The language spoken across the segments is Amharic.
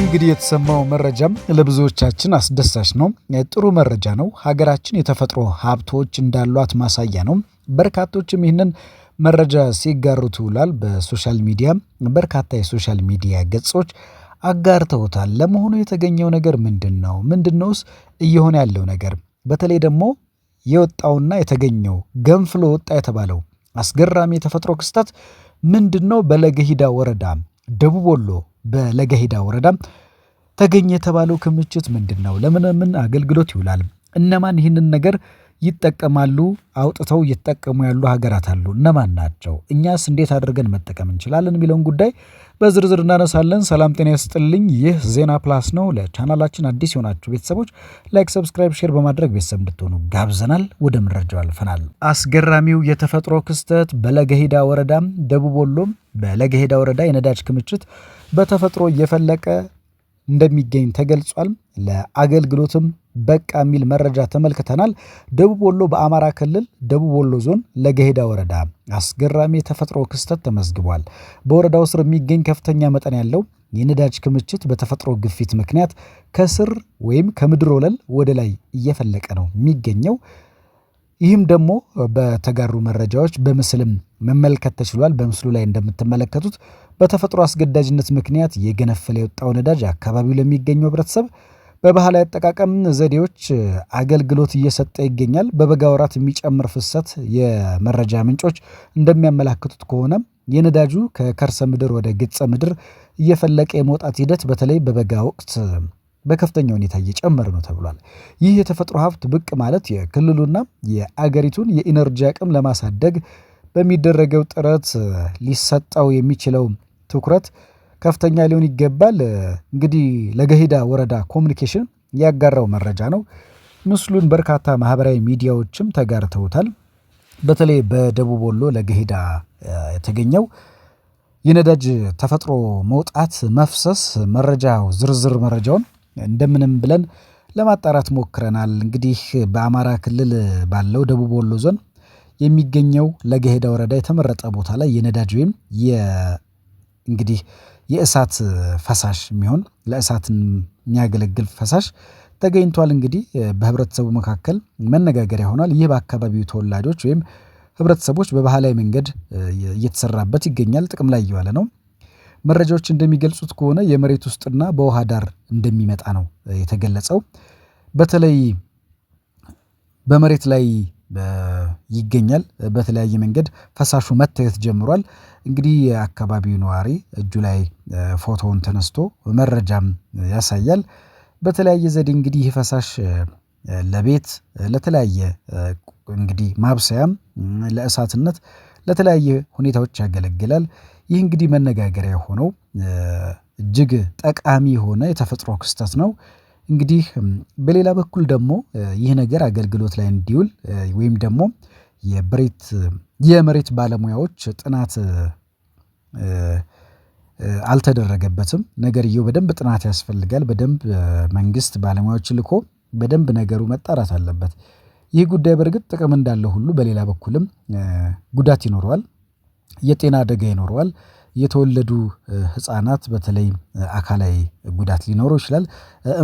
እንግዲህ የተሰማው መረጃም ለብዙዎቻችን አስደሳች ነው። ጥሩ መረጃ ነው። ሀገራችን የተፈጥሮ ሀብቶች እንዳሏት ማሳያ ነው። በርካቶችም ይህንን መረጃ ሲጋሩት ውሏል። በሶሻል ሚዲያ በርካታ የሶሻል ሚዲያ ገጾች አጋርተውታል። ለመሆኑ የተገኘው ነገር ምንድን ነው? ምንድን ነውስ እየሆነ ያለው ነገር? በተለይ ደግሞ የወጣውና የተገኘው ገንፍሎ ወጣ የተባለው አስገራሚ የተፈጥሮ ክስተት ምንድን ነው? በለገሂዳ ወረዳ ደቡብ ወሎ በለገሂዳ ወረዳ ተገኘ የተባለው ክምችት ምንድን ነው? ለምን ምን አገልግሎት ይውላል? እነማን ይህንን ነገር ይጠቀማሉ አውጥተው እየተጠቀሙ ያሉ ሀገራት አሉ እነማን ናቸው? እኛስ እንዴት አድርገን መጠቀም እንችላለን? የሚለውን ጉዳይ በዝርዝር እናነሳለን። ሰላም ጤና ይስጥልኝ። ይህ ዜና ፕላስ ነው። ለቻናላችን አዲስ የሆናችሁ ቤተሰቦች ላይክ፣ ሰብስክራይብ፣ ሼር በማድረግ ቤተሰብ እንድትሆኑ ጋብዘናል። ወደ መረጃው አልፈናል። አስገራሚው የተፈጥሮ ክስተት በለገሄዳ ወረዳም ደቡብ ወሎም በለገሄዳ ወረዳ የነዳጅ ክምችት በተፈጥሮ እየፈለቀ እንደሚገኝ ተገልጿል። ለአገልግሎትም በቃ የሚል መረጃ ተመልክተናል። ደቡብ ወሎ በአማራ ክልል ደቡብ ወሎ ዞን ለገሄዳ ወረዳ አስገራሚ የተፈጥሮ ክስተት ተመዝግቧል። በወረዳው ስር የሚገኝ ከፍተኛ መጠን ያለው የነዳጅ ክምችት በተፈጥሮ ግፊት ምክንያት ከስር ወይም ከምድር ወለል ወደ ላይ እየፈለቀ ነው የሚገኘው። ይህም ደግሞ በተጋሩ መረጃዎች በምስልም መመልከት ተችሏል። በምስሉ ላይ እንደምትመለከቱት በተፈጥሮ አስገዳጅነት ምክንያት የገነፈለ የወጣው ነዳጅ አካባቢው ለሚገኘው ህብረተሰብ በባህላዊ አጠቃቀም ዘዴዎች አገልግሎት እየሰጠ ይገኛል። በበጋ ወራት የሚጨምር ፍሰት የመረጃ ምንጮች እንደሚያመላክቱት ከሆነ የነዳጁ ከከርሰ ምድር ወደ ገጸ ምድር እየፈለቀ የመውጣት ሂደት በተለይ በበጋ ወቅት በከፍተኛ ሁኔታ እየጨመረ ነው ተብሏል። ይህ የተፈጥሮ ሀብት ብቅ ማለት የክልሉና የአገሪቱን የኢነርጂ አቅም ለማሳደግ በሚደረገው ጥረት ሊሰጠው የሚችለው ትኩረት ከፍተኛ ሊሆን ይገባል። እንግዲህ ለገሂዳ ወረዳ ኮሚኒኬሽን ያጋራው መረጃ ነው። ምስሉን በርካታ ማህበራዊ ሚዲያዎችም ተጋርተውታል። በተለይ በደቡብ ወሎ ለገሂዳ የተገኘው የነዳጅ ተፈጥሮ መውጣት መፍሰስ መረጃው ዝርዝር መረጃውን እንደምንም ብለን ለማጣራት ሞክረናል። እንግዲህ በአማራ ክልል ባለው ደቡብ ወሎ ዞን የሚገኘው ለገሂዳ ወረዳ የተመረጠ ቦታ ላይ የነዳጅ ወይም እንግዲህ የእሳት ፈሳሽ የሚሆን ለእሳት የሚያገለግል ፈሳሽ ተገኝቷል። እንግዲህ በህብረተሰቡ መካከል መነጋገሪያ ሆኗል። ይህ በአካባቢው ተወላጆች ወይም ህብረተሰቦች በባህላዊ መንገድ እየተሰራበት ይገኛል ጥቅም ላይ እየዋለ ነው። መረጃዎች እንደሚገልጹት ከሆነ የመሬት ውስጥና በውሃ ዳር እንደሚመጣ ነው የተገለጸው። በተለይ በመሬት ላይ ይገኛል። በተለያየ መንገድ ፈሳሹ መታየት ጀምሯል። እንግዲህ የአካባቢው ነዋሪ እጁ ላይ ፎቶውን ተነስቶ መረጃም ያሳያል። በተለያየ ዘዴ እንግዲህ ይህ ፈሳሽ ለቤት ለተለያየ እንግዲህ ማብሰያም ለእሳትነት ለተለያየ ሁኔታዎች ያገለግላል። ይህ እንግዲህ መነጋገሪያ የሆነው እጅግ ጠቃሚ የሆነ የተፈጥሮ ክስተት ነው። እንግዲህ በሌላ በኩል ደግሞ ይህ ነገር አገልግሎት ላይ እንዲውል ወይም ደግሞ የብሬት የመሬት ባለሙያዎች ጥናት አልተደረገበትም። ነገርየው በደንብ ጥናት ያስፈልጋል በደንብ መንግስት ባለሙያዎች ልኮ በደንብ ነገሩ መጣራት አለበት። ይህ ጉዳይ በእርግጥ ጥቅም እንዳለው ሁሉ በሌላ በኩልም ጉዳት ይኖረዋል። የጤና አደጋ ይኖረዋል የተወለዱ ህፃናት በተለይ አካላዊ ጉዳት ሊኖረው ይችላል።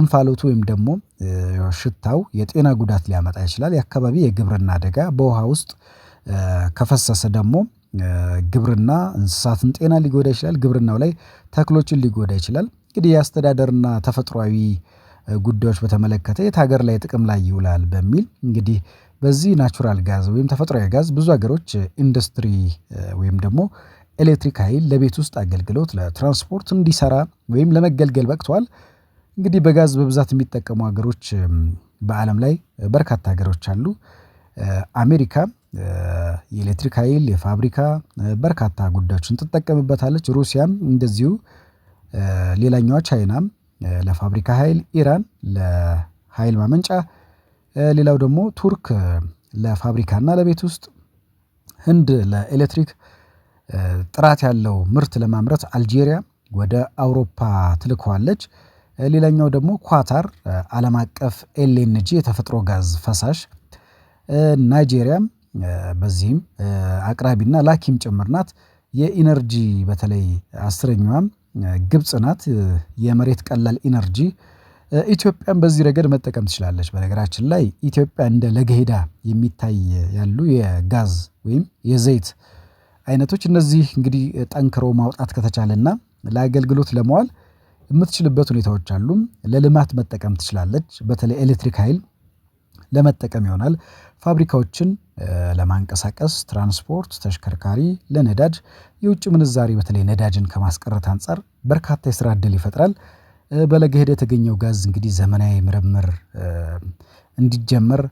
እንፋሎቱ ወይም ደግሞ ሽታው የጤና ጉዳት ሊያመጣ ይችላል። የአካባቢ የግብርና አደጋ በውሃ ውስጥ ከፈሰሰ ደግሞ ግብርና እንስሳትን ጤና ሊጎዳ ይችላል ግብርናው ላይ ተክሎችን ሊጎዳ ይችላል። እንግዲህ የአስተዳደርና ተፈጥሯዊ ጉዳዮች በተመለከተ የት ሀገር ላይ ጥቅም ላይ ይውላል በሚል እንግዲህ በዚህ ናቹራል ጋዝ ወይም ተፈጥሯዊ ጋዝ ብዙ ሀገሮች ኢንዱስትሪ ወይም ደግሞ ኤሌክትሪክ ኃይል ለቤት ውስጥ አገልግሎት ለትራንስፖርት እንዲሰራ ወይም ለመገልገል በቅቷል። እንግዲህ በጋዝ በብዛት የሚጠቀሙ ሀገሮች በዓለም ላይ በርካታ ሀገሮች አሉ። አሜሪካ የኤሌክትሪክ ኃይል የፋብሪካ በርካታ ጉዳዮችን ትጠቀምበታለች። ሩሲያም እንደዚሁ ሌላኛዋ ቻይናም ለፋብሪካ ኃይል፣ ኢራን ለኃይል ማመንጫ፣ ሌላው ደግሞ ቱርክ ለፋብሪካና ለቤት ውስጥ፣ ህንድ ለኤሌክትሪክ ጥራት ያለው ምርት ለማምረት አልጄሪያ ወደ አውሮፓ ትልከዋለች። ሌላኛው ደግሞ ኳታር አለም አቀፍ ኤልኤንጂ የተፈጥሮ ጋዝ ፈሳሽ ናይጄሪያም በዚህም አቅራቢና ላኪም ጭምር ናት። የኢነርጂ በተለይ አስረኛዋም ግብጽ ናት። የመሬት ቀላል ኢነርጂ ኢትዮጵያን በዚህ ረገድ መጠቀም ትችላለች። በነገራችን ላይ ኢትዮጵያ እንደ ለገሄዳ የሚታይ ያሉ የጋዝ ወይም የዘይት አይነቶች እነዚህ እንግዲህ ጠንክሮ ማውጣት ከተቻለና ለአገልግሎት ለመዋል የምትችልበት ሁኔታዎች አሉ። ለልማት መጠቀም ትችላለች በተለይ ኤሌክትሪክ ኃይል ለመጠቀም ይሆናል። ፋብሪካዎችን ለማንቀሳቀስ ትራንስፖርት ተሽከርካሪ ለነዳጅ የውጭ ምንዛሬ በተለይ ነዳጅን ከማስቀረት አንፃር በርካታ የስራ እድል ይፈጥራል። በለጋ ሄደ የተገኘው ጋዝ እንግዲህ ዘመናዊ ምርምር እንዲጀመር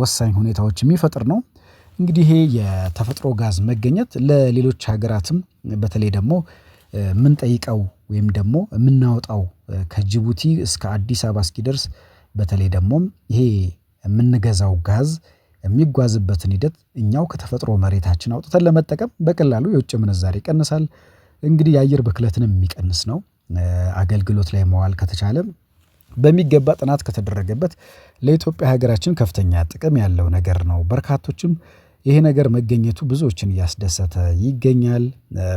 ወሳኝ ሁኔታዎች የሚፈጥር ነው እንግዲህ ይሄ የተፈጥሮ ጋዝ መገኘት ለሌሎች ሀገራትም በተለይ ደግሞ የምንጠይቀው ወይም ደግሞ የምናወጣው ከጅቡቲ እስከ አዲስ አበባ እስኪደርስ በተለይ ደግሞ ይሄ የምንገዛው ጋዝ የሚጓዝበትን ሂደት እኛው ከተፈጥሮ መሬታችን አውጥተን ለመጠቀም በቀላሉ የውጭ ምንዛሬ ይቀንሳል። እንግዲህ የአየር ብክለትንም የሚቀንስ ነው። አገልግሎት ላይ መዋል ከተቻለ በሚገባ ጥናት ከተደረገበት ለኢትዮጵያ ሀገራችን ከፍተኛ ጥቅም ያለው ነገር ነው። በርካቶችም ይሄ ነገር መገኘቱ ብዙዎችን እያስደሰተ ይገኛል።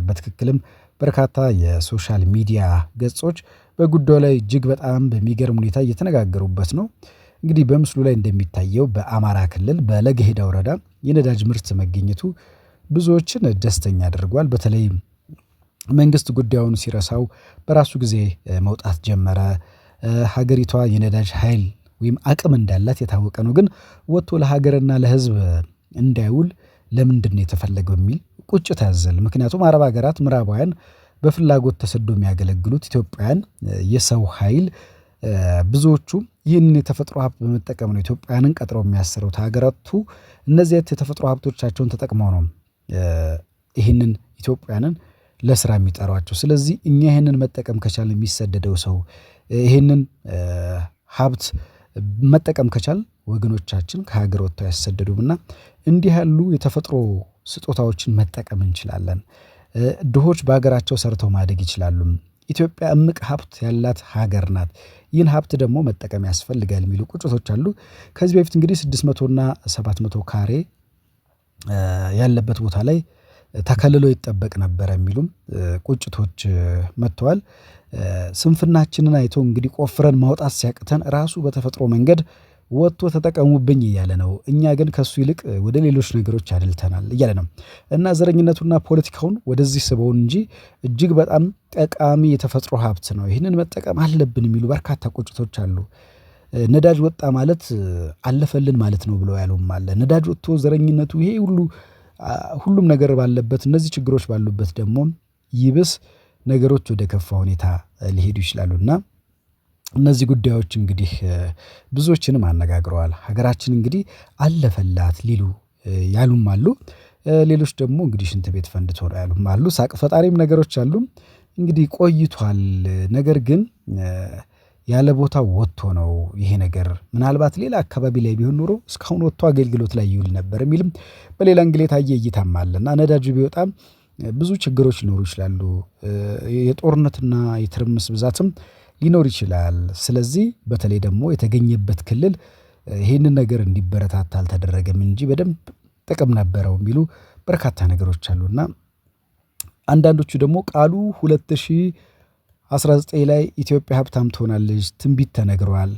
በትክክልም በርካታ የሶሻል ሚዲያ ገጾች በጉዳዩ ላይ እጅግ በጣም በሚገርም ሁኔታ እየተነጋገሩበት ነው። እንግዲህ በምስሉ ላይ እንደሚታየው በአማራ ክልል በለገሄዳ ወረዳ የነዳጅ ምርት መገኘቱ ብዙዎችን ደስተኛ አድርጓል። በተለይ መንግስት ጉዳዩን ሲረሳው በራሱ ጊዜ መውጣት ጀመረ። ሀገሪቷ የነዳጅ ኃይል ወይም አቅም እንዳላት የታወቀ ነው። ግን ወጥቶ ለሀገርና ለሕዝብ እንዳይውል ለምንድን ነው የተፈለገው የሚል ቁጭት ያዘል። ምክንያቱም አረብ ሀገራት ምዕራባውያን በፍላጎት ተሰዶ የሚያገለግሉት ኢትዮጵያውያን የሰው ኃይል ብዙዎቹ ይህንን የተፈጥሮ ሀብት በመጠቀም ነው ኢትዮጵያውያንን ቀጥረው የሚያሰሩት። ሀገራቱ እነዚህ የተፈጥሮ ሀብቶቻቸውን ተጠቅመው ነው ይህንን ኢትዮጵያውያንን ለስራ የሚጠሯቸው። ስለዚህ እኛ ይህንን መጠቀም ከቻልን የሚሰደደው ሰው ይህንን ሀብት መጠቀም ከቻል ወገኖቻችን ከሀገር ወጥተው ያሰደዱምና እንዲህ ያሉ የተፈጥሮ ስጦታዎችን መጠቀም እንችላለን። ድሆች በሀገራቸው ሰርተው ማደግ ይችላሉ። ኢትዮጵያ እምቅ ሀብት ያላት ሀገር ናት። ይህን ሀብት ደግሞ መጠቀም ያስፈልጋል የሚሉ ቁጭቶች አሉ። ከዚህ በፊት እንግዲህ ስድስት መቶ እና ሰባት መቶ ካሬ ያለበት ቦታ ላይ ተከልሎ ይጠበቅ ነበር የሚሉም ቁጭቶች መጥተዋል። ስንፍናችንን አይቶ እንግዲህ ቆፍረን ማውጣት ሲያቅተን ራሱ በተፈጥሮ መንገድ ወጥቶ ተጠቀሙብኝ እያለ ነው። እኛ ግን ከሱ ይልቅ ወደ ሌሎች ነገሮች አድልተናል እያለ ነው እና ዘረኝነቱና ፖለቲካውን ወደዚህ ስበውን እንጂ እጅግ በጣም ጠቃሚ የተፈጥሮ ሀብት ነው፣ ይህንን መጠቀም አለብን የሚሉ በርካታ ቁጭቶች አሉ። ነዳጅ ወጣ ማለት አለፈልን ማለት ነው ብለው ያሉም አለ። ነዳጅ ወጥቶ ዘረኝነቱ ይሄ ሁሉ ሁሉም ነገር ባለበት እነዚህ ችግሮች ባሉበት ደግሞ ይብስ ነገሮች ወደ ከፋ ሁኔታ ሊሄዱ ይችላሉ እና እነዚህ ጉዳዮች እንግዲህ ብዙዎችንም አነጋግረዋል። ሀገራችን እንግዲህ አለፈላት ሊሉ ያሉም አሉ። ሌሎች ደግሞ እንግዲህ ሽንት ቤት ፈንድቶ ነው ያሉም አሉ። ሳቅ ፈጣሪም ነገሮች አሉ። እንግዲህ ቆይቷል። ነገር ግን ያለ ቦታ ወጥቶ ነው ይሄ ነገር ምናልባት ሌላ አካባቢ ላይ ቢሆን ኖሮ እስካሁን ወጥቶ አገልግሎት ላይ ይውል ነበር የሚልም በሌላ እንግሌታዬ እይታም አለና እና ነዳጁ ቢወጣም ብዙ ችግሮች ሊኖሩ ይችላሉ። የጦርነትና የትርምስ ብዛትም ሊኖር ይችላል። ስለዚህ በተለይ ደግሞ የተገኘበት ክልል ይህንን ነገር እንዲበረታታ አልተደረገም እንጂ በደንብ ጥቅም ነበረው የሚሉ በርካታ ነገሮች አሉና አንዳንዶቹ ደግሞ ቃሉ ሁለት ሺህ 19 ላይ ኢትዮጵያ ሀብታም ትሆናለች ትንቢት ተነግሯል።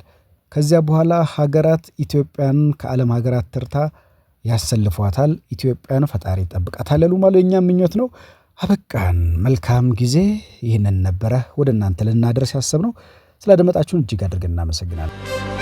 ከዚያ በኋላ ሀገራት ኢትዮጵያን ከዓለም ሀገራት ተርታ ያሰልፏታል። ኢትዮጵያን ፈጣሪ ይጠብቃታል ያሉ ማለ የኛ ምኞት ነው። አበቃን። መልካም ጊዜ። ይህንን ነበረ ወደ እናንተ ልናደርስ ያሰብነው። ስላደመጣችሁን እጅግ አድርገን እናመሰግናለን።